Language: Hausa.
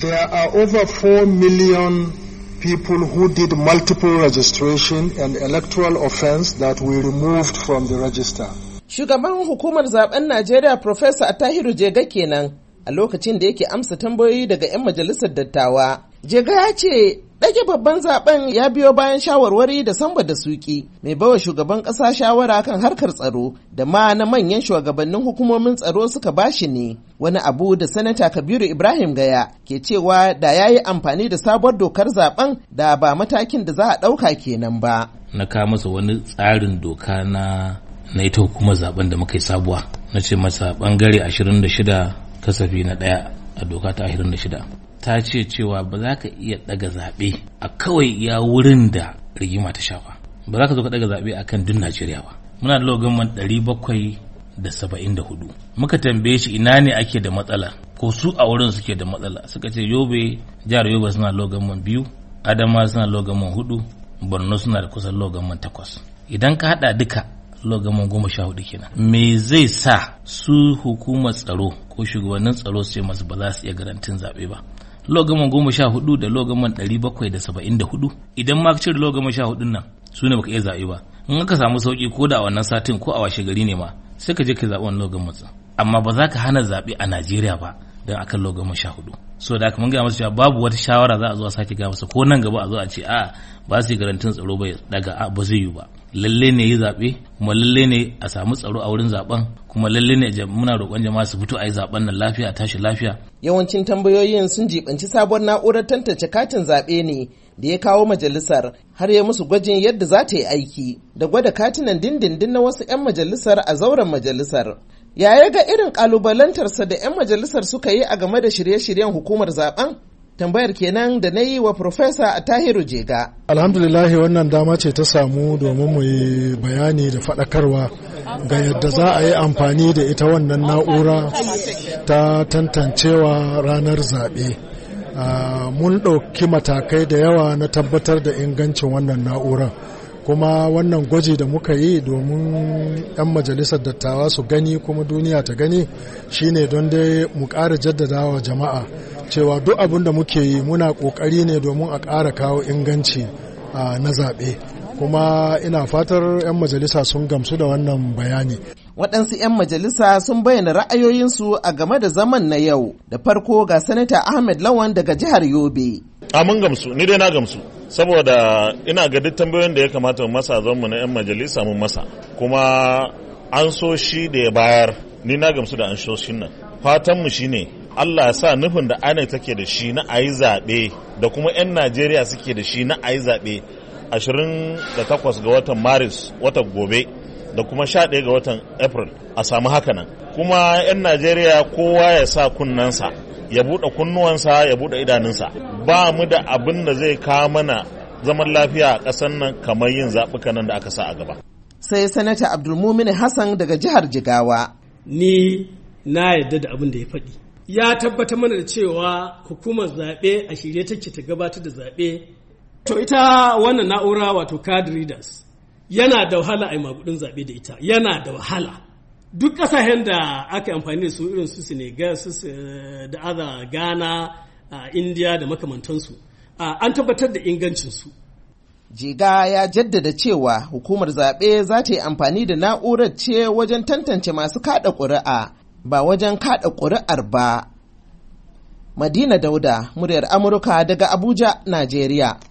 there are over 4 million people who did multiple registration and electoral offense that we removed from the register. Shugaban hukumar zaben Najeriya Professor Atahiru Jega kenan a lokacin da yake amsa tambayoyi daga 'yan majalisar dattawa. Jega ya ce ɗage babban zaben ya biyo bayan shawarwari da samba da suki mai bawa shugaban ƙasa shawara kan harkar tsaro da ma na manyan shugabannin hukumomin tsaro suka bashi ne wani abu da sanata kabiru ibrahim gaya ke cewa da ya yi amfani da sabuwar dokar zaben da ba matakin da za a ɗauka kenan ba na ka masa wani tsarin doka na na ita hukumar zaben da muka yi sabuwa na ce masa bangare 26 kasafi na ɗaya a doka ta 26 ta ce cewa ba za ka iya daga zaɓe a kawai ya wurin da rigima ta shafa ba za ka zo ka daga zaɓe a kan duk najeriya ba muna da logan ɗari bakwai da saba'in da hudu muka tambaye shi ina ne ake da matsala ko su a wurin suke da matsala suka ce yobe jihar yobe suna logan biyu adama suna logan hudu borno suna da kusan logan takwas idan ka haɗa duka man goma sha hudu kenan me zai sa su hukumar tsaro ko shugabannin tsaro su ce masu ba za su iya garantin zaɓe ba logaman goma sha hudu da logaman ɗari bakwai da saba'in da hudu idan ma cire logaman sha hudun nan su ne baka iya zaɓe ba in ka samu sauƙi ko da a wannan satin ko a washe gari ne ma sai ka je ka zaɓi wani logaman matsa amma ba za ka hana zaɓe a najeriya ba don akan logaman sha hudu so da mun gaya masa cewa babu wata shawara za a zo a sake gaya masa ko nan gaba a zo a ce a ba su yi garantin tsaro ba daga ba zai yi ba lalle ne yi zaɓe kuma lalle ne a samu tsaro a wurin zaɓen kuma lalle ne muna roƙon jama'a su fito a yi zaɓen nan lafiya a tashi lafiya. Yawancin tambayoyin sun jibanci sabon na'urar tantance katin zaɓe ne da ya kawo majalisar har ya musu gwajin yadda za ta yi aiki da gwada katinan dindindin na wasu 'yan majalisar a zauren majalisar. Yaya ga irin ƙalubalantarsa da 'yan majalisar suka yi a game da shirye-shiryen hukumar zaɓen? tambayar kenan da na yi wa Profesa Tahiru Jega. Alhamdulillahi wannan dama ce ta samu domin mu yi bayani da faɗakarwa ga yadda za a yi amfani da ita wannan na'ura ta tantancewa ranar zaɓe. Mun ɗauki matakai da yawa na tabbatar da ingancin wannan na'urar. kuma wannan gwaji da muka yi domin 'yan majalisar dattawa su gani kuma duniya ta gani shine don dai mu ƙara jaddadawa jama'a cewa duk abin da muke yi muna kokari ne domin a kara kawo inganci na zaɓe kuma ina fatar 'yan majalisa sun gamsu da wannan bayani waɗansu 'yan majalisa sun bayyana ra'ayoyinsu a game da zaman na yau da farko ga sanata ahmed lawan daga jihar yobe a mun gamsu ni dai na gamsu saboda ina ga duk tambayoyin da ya kamata mu masa mu na 'yan majalisa mun masa kuma an so shi da ya bayar ni na gamsu da an so shi nan fatanmu shine Allah ya sa nufin da INEC take da shi na ayi zaɓe da kuma 'yan Najeriya suke da shi na ayi zaɓe 28 ga watan Maris watan gobe da kuma 11 ga watan April a samu haka nan. Kuma 'yan Najeriya kowa ya sa kunnansa ya buɗe kunnuwansa ya buɗe idanunsa ba mu da abin da zai kawo mana zaman lafiya a ƙasar nan kamar yin zaɓuka nan da aka sa a gaba. Sai sanata Abdulmumin Hassan daga jihar Jigawa. Ni na yarda da abin da ya faɗi. ya tabbata mana da cewa hukumar zaɓe a shirye take ta gabatar da zaɓe to ita wannan na'ura wato card readers yana da wahala a magudin zaɓe da ita yana da wahala duk ƙasashen da aka amfani da su irin su senegal su eh, da aza ghana a india da makamantansu an tabbatar da ingancinsu jiga ya jaddada cewa hukumar zaɓe za ta yi amfani da na'urar ce wajen tantance masu kaɗa ƙuri'a ba wajen kaɗa ƙuri'ar ba. Madina Dauda, muryar Amurka daga Abuja, Najeriya.